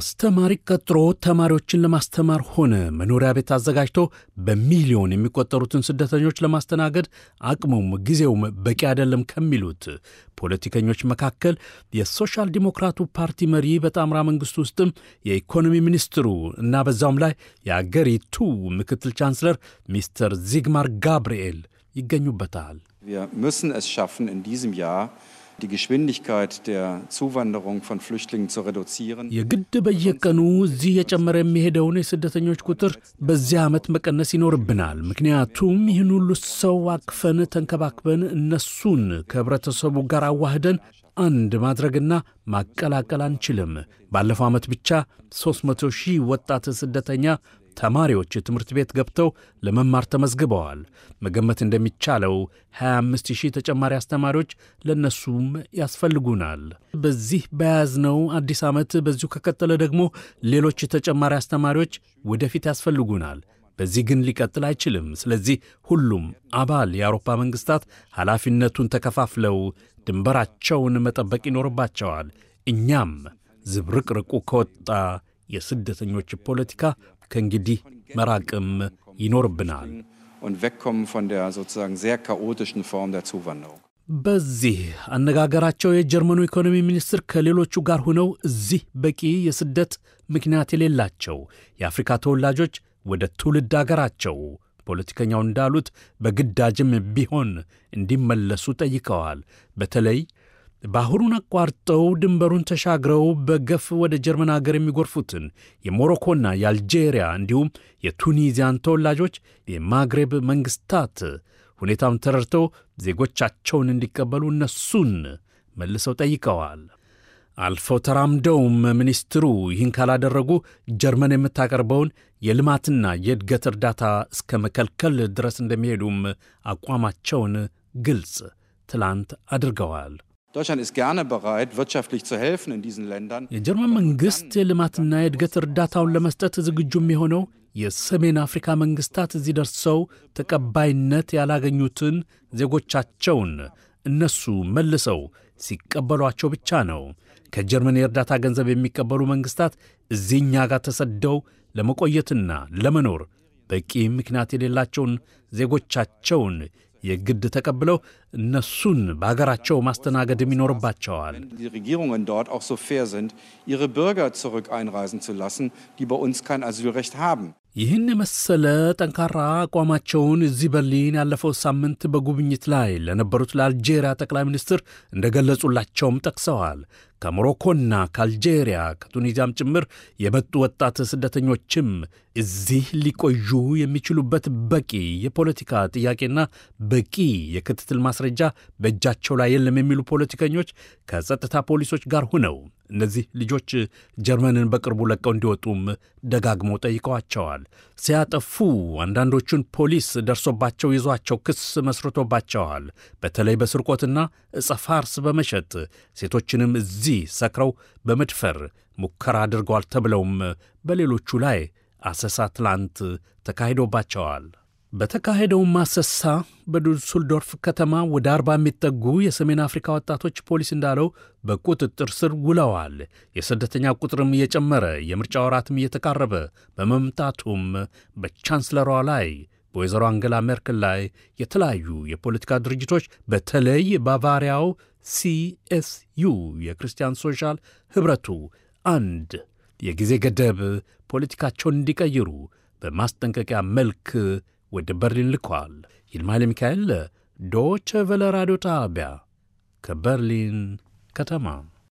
አስተማሪ ቀጥሮ ተማሪዎችን ለማስተማር ሆነ መኖሪያ ቤት አዘጋጅቶ በሚሊዮን የሚቆጠሩትን ስደተኞች ለማስተናገድ አቅሙም ጊዜውም በቂ አይደለም ከሚሉት ፖለቲከኞች መካከል የሶሻል ዲሞክራቱ ፓርቲ መሪ በጣምራ መንግስት ውስጥም የኢኮኖሚ ሚኒስትሩ እና በዛውም ላይ የአገሪቱ ምክትል ቻንስለር ሚስተር ዚግማር ጋብርኤል ይገኙበታል። die Geschwindigkeit der Zuwanderung von Flüchtlingen zu reduzieren. የግድ በየቀኑ እዚህ የጨመረ የሚሄደውን የስደተኞች ቁጥር በዚህ ዓመት መቀነስ ይኖርብናል። ምክንያቱም ይህን ሁሉ ሰው አቅፈን ተንከባክበን እነሱን ከህብረተሰቡ ጋር አዋህደን አንድ ማድረግና ማቀላቀል አንችልም። ባለፈው ዓመት ብቻ 300 ሺህ ወጣት ስደተኛ ተማሪዎች ትምህርት ቤት ገብተው ለመማር ተመዝግበዋል። መገመት እንደሚቻለው 25 ሺህ ተጨማሪ አስተማሪዎች ለእነሱም ያስፈልጉናል። በዚህ በያዝነው አዲስ ዓመት በዚሁ ከቀጠለ ደግሞ ሌሎች ተጨማሪ አስተማሪዎች ወደፊት ያስፈልጉናል። በዚህ ግን ሊቀጥል አይችልም። ስለዚህ ሁሉም አባል የአውሮፓ መንግሥታት ኃላፊነቱን ተከፋፍለው ድንበራቸውን መጠበቅ ይኖርባቸዋል። እኛም ዝብርቅርቁ ከወጣ የስደተኞች ፖለቲካ ከእንግዲህ መራቅም ይኖርብናል። በዚህ አነጋገራቸው የጀርመኑ ኢኮኖሚ ሚኒስትር ከሌሎቹ ጋር ሆነው እዚህ በቂ የስደት ምክንያት የሌላቸው የአፍሪካ ተወላጆች ወደ ትውልድ አገራቸው ፖለቲከኛው እንዳሉት በግዳጅም ቢሆን እንዲመለሱ ጠይቀዋል። በተለይ ባህሩን አቋርጠው ድንበሩን ተሻግረው በገፍ ወደ ጀርመን አገር የሚጎርፉትን የሞሮኮና የአልጄሪያ እንዲሁም የቱኒዚያን ተወላጆች የማግሬብ መንግሥታት ሁኔታውን ተረድተው ዜጎቻቸውን እንዲቀበሉ እነሱን መልሰው ጠይቀዋል። አልፈው ተራምደውም ሚኒስትሩ ይህን ካላደረጉ ጀርመን የምታቀርበውን የልማትና የእድገት እርዳታ እስከ መከልከል ድረስ እንደሚሄዱም አቋማቸውን ግልጽ ትላንት አድርገዋል። የጀርመን መንግሥት የልማትና የእድገት እርዳታውን ለመስጠት ዝግጁ የሚሆነው የሰሜን አፍሪካ መንግሥታት እዚህ ደርሰው ተቀባይነት ያላገኙትን ዜጎቻቸውን እነሱ መልሰው ሲቀበሏቸው ብቻ ነው። ከጀርመን የእርዳታ ገንዘብ የሚቀበሉ መንግሥታት እዚህኛ ጋር ተሰደው ለመቆየትና ለመኖር በቂ ምክንያት የሌላቸውን ዜጎቻቸውን የግድ ተቀብለው እነሱን በሀገራቸው ማስተናገድም ይኖርባቸዋል። ይህን የመሰለ ጠንካራ አቋማቸውን እዚህ በርሊን ያለፈው ሳምንት በጉብኝት ላይ ለነበሩት ለአልጄሪያ ጠቅላይ ሚኒስትር እንደገለጹላቸውም ጠቅሰዋል። ከሞሮኮና ከአልጄሪያ ከቱኒዚያም ጭምር የመጡ ወጣት ስደተኞችም እዚህ ሊቆዩ የሚችሉበት በቂ የፖለቲካ ጥያቄና በቂ የክትትል ማስረጃ በእጃቸው ላይ የለም የሚሉ ፖለቲከኞች ከጸጥታ ፖሊሶች ጋር ሁነው እነዚህ ልጆች ጀርመንን በቅርቡ ለቀው እንዲወጡም ደጋግሞ ጠይቀዋቸዋል። ሲያጠፉ አንዳንዶቹን ፖሊስ ደርሶባቸው ይዟቸው ክስ መስርቶባቸዋል። በተለይ በስርቆትና ዕፀ ፋርስ በመሸጥ ሴቶችንም እዚህ እዚህ ሰክረው በመድፈር ሙከራ አድርገዋል ተብለውም በሌሎቹ ላይ አሰሳ ትላንት ተካሂዶባቸዋል። በተካሄደውም አሰሳ በዱስልዶርፍ ከተማ ወደ አርባ የሚጠጉ የሰሜን አፍሪካ ወጣቶች ፖሊስ እንዳለው በቁጥጥር ስር ውለዋል። የስደተኛ ቁጥርም እየጨመረ የምርጫ ወራትም እየተቃረበ በመምጣቱም በቻንስለሯ ላይ በወይዘሮ አንገላ ሜርክል ላይ የተለያዩ የፖለቲካ ድርጅቶች በተለይ ባቫሪያው ሲኤስዩ የክርስቲያን ሶሻል ኅብረቱ አንድ የጊዜ ገደብ ፖለቲካቸውን እንዲቀይሩ በማስጠንቀቂያ መልክ ወደ በርሊን ልኳል። ይልማይል ሚካኤል ዶቸ ቨለ ራዲዮ ጣቢያ ከበርሊን ከተማ